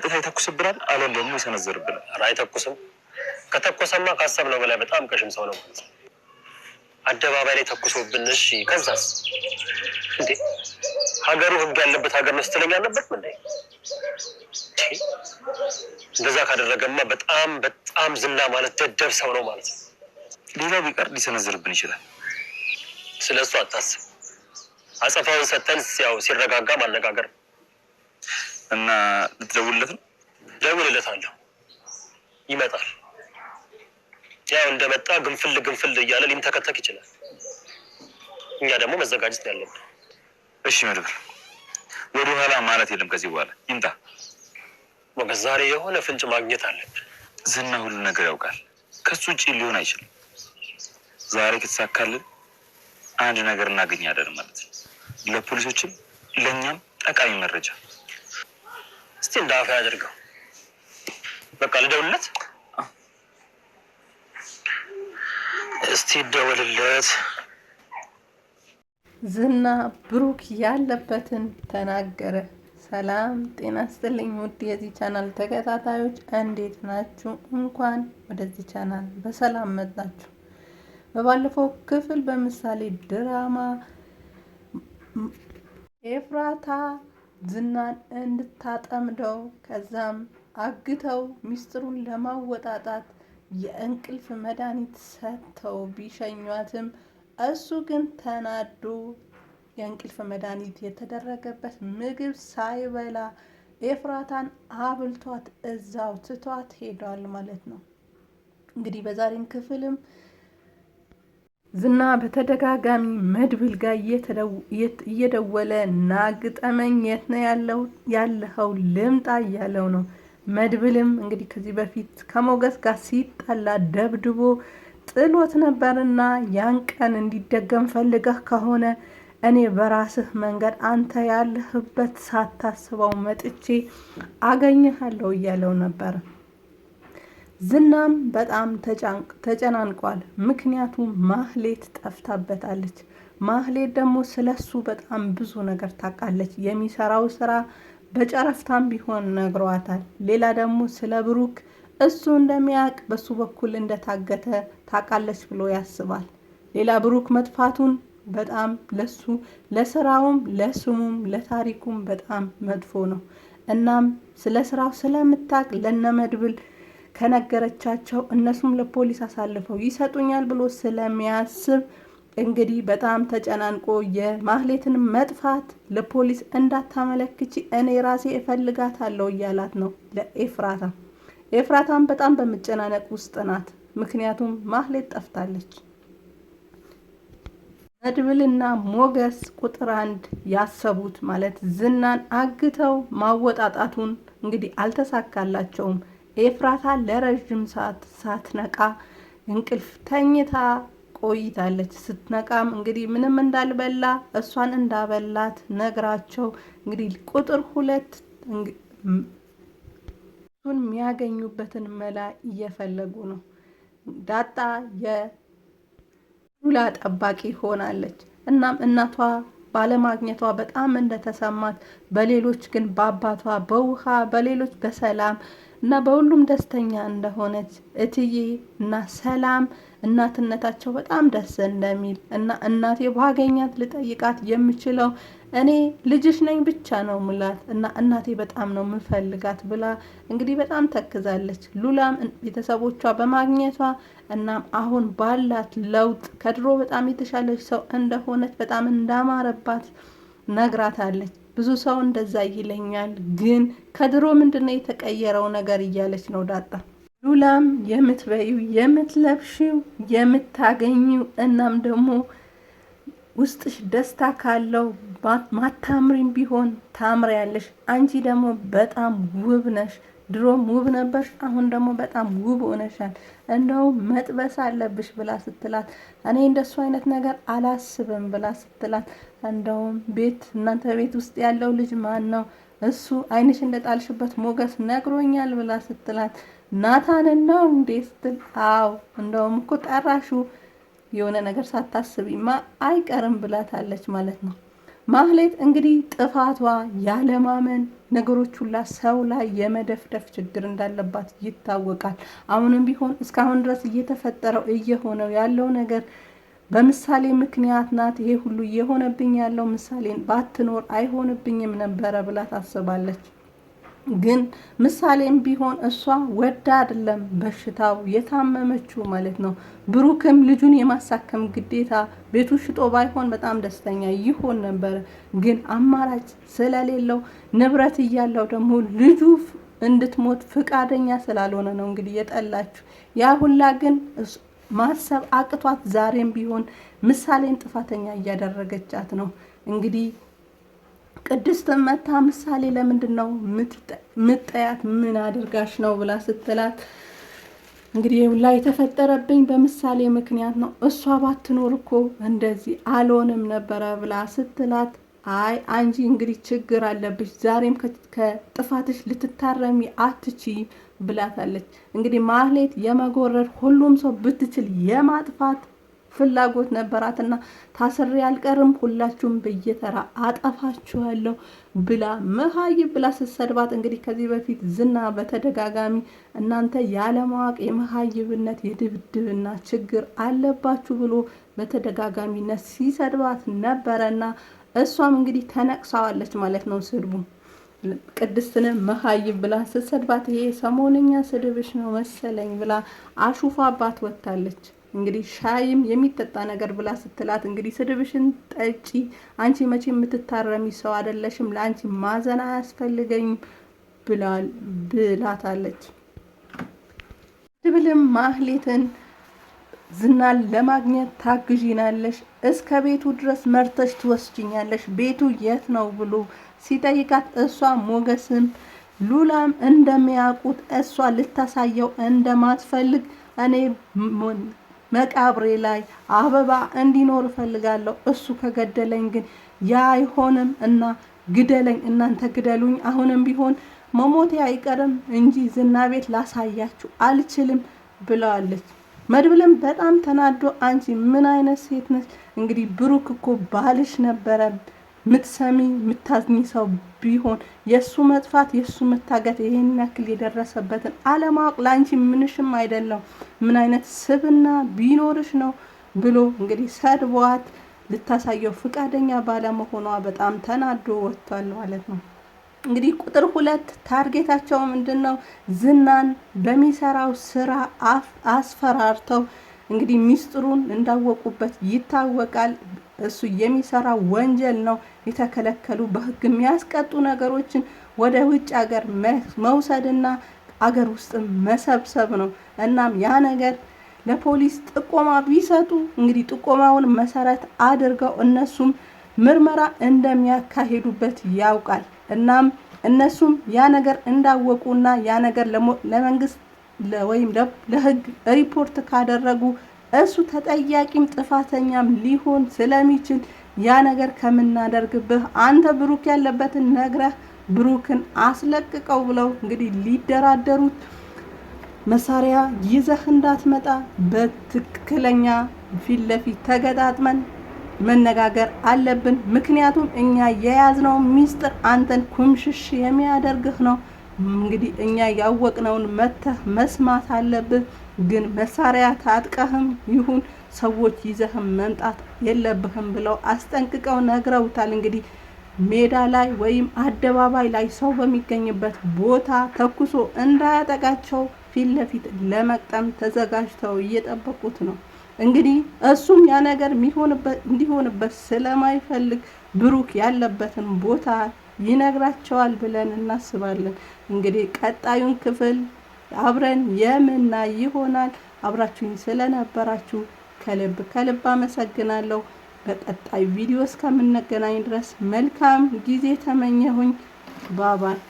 ቀጥታ ይተኩስብናል፣ አለን ደግሞ ይሰነዝርብናል። አይተኩስም። ከተኮሰማ ነው በላይ በጣም ቀሽም ሰው ነው አደባባይ ላይ ተኩሶብን፣ እሺ ከዛስ? እንዴ ሀገሩ ህግ ያለበት ሀገር መስትለኝ ያለበት አለበት ምን እንደዛ ካደረገማ በጣም በጣም ዝና ማለት ደደብ ሰው ነው ማለት ነው። ሌላው ቢቀር ሊሰነዝርብን ይችላል። ስለ እሱ አታስብ። አጸፋውን ሰተን ያው ሲረጋጋ ማነጋገር እና ልትደውልለት ነው? አለሁ። ይመጣል። ያው እንደመጣ ግንፍል ግንፍል እያለ ሊንተከተክ ይችላል። እኛ ደግሞ መዘጋጀት ያለብን። እሺ መድብር፣ ወደ ኋላ ማለት የለም። ከዚህ በኋላ ይምጣ ሞገስ። ዛሬ የሆነ ፍንጭ ማግኘት አለብን። ዝና ሁሉ ነገር ያውቃል። ከሱ ውጭ ሊሆን አይችልም። ዛሬ ከተሳካልን አንድ ነገር እናገኛለን ማለት ነው። ለፖሊሶችም ለእኛም ጠቃሚ መረጃ እስቲ እንደ አፍ በቃ ልደውልለት፣ እስቲ ደውልለት። ዝና ብሩክ ያለበትን ተናገረ። ሰላም ጤና ስጥልኝ ውድ የዚህ ቻናል ተከታታዮች እንዴት ናችሁ? እንኳን ወደዚህ ቻናል በሰላም መጣችሁ። በባለፈው ክፍል በምሳሌ ድራማ ኤፍራታ ዝናን እንድታጠምደው ከዛም አግተው ሚስጥሩን ለማወጣጣት የእንቅልፍ መድኃኒት ሰጥተው ቢሸኟትም እሱ ግን ተናዶ የእንቅልፍ መድኃኒት የተደረገበት ምግብ ሳይበላ ኤፍራታን አብልቷት እዛው ትቷት ሄዷል ማለት ነው። እንግዲህ በዛሬም ክፍልም ዝና በተደጋጋሚ መድብል ጋር እየደወለ ናግጠመኝ የት ነው ያለው ያለኸው ልምጣ እያለው ነው። መድብልም እንግዲህ ከዚህ በፊት ከሞገስ ጋር ሲጣላ ደብድቦ ጥሎት ነበርና ያን ቀን እንዲደገም ፈልገህ ከሆነ እኔ በራስህ መንገድ አንተ ያለህበት ሳታስበው መጥቼ አገኘሃለሁ እያለው ነበር። ዝናም በጣም ተጨናንቋል። ምክንያቱም ማህሌት ጠፍታበታለች። ማህሌት ደግሞ ስለሱ በጣም ብዙ ነገር ታውቃለች። የሚሰራው ስራ በጨረፍታም ቢሆን ነግሯታል። ሌላ ደግሞ ስለ ብሩክ እሱ እንደሚያውቅ በሱ በኩል እንደታገተ ታውቃለች ብሎ ያስባል። ሌላ ብሩክ መጥፋቱን በጣም ለሱ ለስራውም ለስሙም ለታሪኩም በጣም መጥፎ ነው። እናም ስለ ስራው ስለምታውቅ ለነመድብል ከነገረቻቸው እነሱም ለፖሊስ አሳልፈው ይሰጡኛል ብሎ ስለሚያስብ እንግዲህ በጣም ተጨናንቆ የማህሌትን መጥፋት ለፖሊስ እንዳታመለክቺ እኔ ራሴ እፈልጋታለሁ እያላት ነው ለኤፍራታ። ኤፍራታም በጣም በመጨናነቅ ውስጥ ናት። ምክንያቱም ማህሌት ጠፍታለች። መድብልና ሞገስ ቁጥር አንድ ያሰቡት ማለት ዝናን አግተው ማወጣጣቱን እንግዲህ አልተሳካላቸውም። ኤፍራታ ለረዥም ሰዓት ሳትነቃ እንቅልፍ ተኝታ ቆይታለች። ስትነቃም እንግዲህ ምንም እንዳልበላ እሷን እንዳበላት ነግራቸው እንግዲህ ቁጥር ሁለት እሱን የሚያገኙበትን መላ እየፈለጉ ነው። ዳጣ የሉላ ጠባቂ ሆናለች። እናም እናቷ ባለማግኘቷ በጣም እንደተሰማት፣ በሌሎች ግን በአባቷ በውሃ በሌሎች በሰላም እና በሁሉም ደስተኛ እንደሆነች እትዬ እና ሰላም እናትነታቸው በጣም ደስ እንደሚል እና እናቴ ባገኛት ልጠይቃት የምችለው እኔ ልጅሽ ነኝ ብቻ ነው ምላት እና እናቴ በጣም ነው ምፈልጋት ብላ እንግዲህ በጣም ተክዛለች። ሉላም ቤተሰቦቿ በማግኘቷ እናም አሁን ባላት ለውጥ ከድሮ በጣም የተሻለች ሰው እንደሆነች በጣም እንዳማረባት ነግራታለች። ብዙ ሰው እንደዛ ይለኛል፣ ግን ከድሮ ምንድነው የተቀየረው ነገር እያለች ነው ዳጣ። ሉላም የምትበይው የምትለብሽው የምታገኝው እናም ደግሞ ውስጥሽ ደስታ ካለው ማታምሪም ቢሆን ታምሪያለሽ። አንቺ ደግሞ በጣም ውብ ነሽ። ድሮም ውብ ነበርሽ፣ አሁን ደግሞ በጣም ውብ ሆነሻል፣ እንደውም መጥበስ አለብሽ ብላ ስትላት እኔ እንደሱ አይነት ነገር አላስብም ብላ ስትላት እንደውም ቤት እናንተ ቤት ውስጥ ያለው ልጅ ማን ነው? እሱ አይንሽ እንደጣልሽበት ሞገስ ነግሮኛል ብላ ስትላት ናታን ነው እንዴ ስትል አዎ፣ እንደውም እኮ ጠራሹ የሆነ ነገር ሳታስቢማ አይቀርም ብላታለች ማለት ነው። ማህሌት እንግዲህ ጥፋቷ ያለማመን ነገሮች ሁላ ሰው ላይ የመደፍደፍ ችግር እንዳለባት ይታወቃል። አሁንም ቢሆን እስካሁን ድረስ እየተፈጠረው እየሆነው ያለው ነገር በምሳሌ ምክንያት ናት። ይሄ ሁሉ እየሆነብኝ ያለው ምሳሌን ባትኖር አይሆንብኝም ነበረ ብላ ታስባለች። ግን ምሳሌም ቢሆን እሷ ወዳ አይደለም በሽታው የታመመችው ማለት ነው። ብሩክም ልጁን የማሳከም ግዴታ ቤቱ ሽጦ ባይሆን በጣም ደስተኛ ይሆን ነበር። ግን አማራጭ ስለሌለው ንብረት እያለው ደግሞ ልጁ እንድትሞት ፍቃደኛ ስላልሆነ ነው እንግዲህ የጠላችሁ። ያ ሁላ ግን ማሰብ አቅቷት ዛሬም ቢሆን ምሳሌን ጥፋተኛ እያደረገቻት ነው እንግዲህ ቅድስት መታ ምሳሌ ለምንድን ነው ምጠያት? ምን አድርጋሽ ነው ብላ ስትላት እንግዲህ ሁላ የተፈጠረብኝ በምሳሌ ምክንያት ነው። እሷ ባትኖር እኮ እንደዚህ አልሆንም ነበረ ብላ ስትላት አይ አንቺ እንግዲህ ችግር አለብሽ፣ ዛሬም ከጥፋትሽ ልትታረሚ አትቺ ብላታለች። እንግዲህ ማህሌት የመጎረድ ሁሉም ሰው ብትችል የማጥፋት ፍላጎት ነበራትና ታስሬ አልቀርም ሁላችሁም በየተራ አጠፋችኋለሁ ብላ መሀይብ ብላ ስትሰድባት እንግዲህ ከዚህ በፊት ዝና በተደጋጋሚ እናንተ ያለማወቅ የመሀይብነት የድብድብና ችግር አለባችሁ ብሎ በተደጋጋሚነት ሲሰድባት ነበረና እሷም እንግዲህ ተነቅሳዋለች ማለት ነው ስድቡ ቅድስትን መሀይብ ብላ ስትሰድባት ይሄ ሰሞንኛ ስድብሽ ነው መሰለኝ ብላ አሹፋ አባት ወጥታለች። እንግዲህ ሻይም የሚጠጣ ነገር ብላ ስትላት እንግዲህ ስድብሽን ጠጪ፣ አንቺ መቼ የምትታረሚ ሰው አይደለሽም፣ ለአንቺ ማዘን አያስፈልገኝም ብላታለች። ድብልም ማህሌትን ዝናን ለማግኘት ታግዥናለሽ፣ እስከ ቤቱ ድረስ መርተሽ ትወስጅኛለሽ፣ ቤቱ የት ነው ብሎ ሲጠይቃት እሷ ሞገስም ሉላም እንደሚያውቁት እሷ ልታሳየው እንደማትፈልግ እኔ መቃብሬ ላይ አበባ እንዲኖር እፈልጋለሁ። እሱ ከገደለኝ ግን ያ አይሆንም እና ግደለኝ፣ እናንተ ግደሉኝ። አሁንም ቢሆን መሞቴ አይቀርም እንጂ ዝና ቤት ላሳያችሁ አልችልም ብለዋለች። መድብልም በጣም ተናዶ አንቺ ምን አይነት ሴት ነች? እንግዲህ ብሩክ እኮ ባልሽ ነበረ ምትሰሚ ምታዝኒ ሰው ቢሆን የእሱ መጥፋት የእሱ መታገት ይህን ያክል የደረሰበትን አለማወቅ ለአንቺ ምንሽም አይደለም። ምን አይነት ስብና ቢኖርሽ ነው ብሎ እንግዲህ ሰድቧት ልታሳየው ፍቃደኛ ባለመሆኗ በጣም ተናዶ ወጥቷል ማለት ነው። እንግዲህ ቁጥር ሁለት ታርጌታቸው ምንድን ነው? ዝናን በሚሰራው ስራ አስፈራርተው እንግዲህ ሚስጥሩን እንዳወቁበት ይታወቃል። እሱ የሚሰራ ወንጀል ነው። የተከለከሉ በህግ የሚያስቀጡ ነገሮችን ወደ ውጭ ሀገር መውሰድና አገር ውስጥ መሰብሰብ ነው። እናም ያ ነገር ለፖሊስ ጥቆማ ቢሰጡ እንግዲህ ጥቆማውን መሰረት አድርገው እነሱም ምርመራ እንደሚያካሂዱበት ያውቃል። እናም እነሱም ያ ነገር እንዳወቁና ያ ነገር ለመንግስት ወይም ለህግ ሪፖርት ካደረጉ እሱ ተጠያቂም ጥፋተኛም ሊሆን ስለሚችል ያ ነገር ከምናደርግብህ አንተ ብሩክ ያለበትን ነግረህ ብሩክን አስለቅቀው ብለው እንግዲህ ሊደራደሩት መሳሪያ ይዘህ እንዳትመጣ በትክክለኛ ፊት ለፊት ተገጣጥመን መነጋገር አለብን። ምክንያቱም እኛ የያዝነው ሚስጥር አንተን ኩምሽሽ የሚያደርግህ ነው። እንግዲህ እኛ ያወቅነውን መተህ መስማት አለብህ። ግን መሳሪያ ታጥቀህም ይሁን ሰዎች ይዘህም መምጣት የለብህም ብለው አስጠንቅቀው ነግረውታል። እንግዲህ ሜዳ ላይ ወይም አደባባይ ላይ ሰው በሚገኝበት ቦታ ተኩሶ እንዳያጠቃቸው ፊት ለፊት ለመቅጠም ተዘጋጅተው እየጠበቁት ነው። እንግዲህ እሱም ያ ነገር እንዲሆንበት ስለማይፈልግ ብሩክ ያለበትን ቦታ ይነግራቸዋል ብለን እናስባለን። እንግዲህ ቀጣዩን ክፍል አብረን የምና ይሆናል። አብራችሁኝ ስለነበራችሁ ከልብ ከልብ አመሰግናለሁ። በቀጣይ ቪዲዮ እስከምንገናኝ ድረስ መልካም ጊዜ ተመኘሁኝ። ባባይ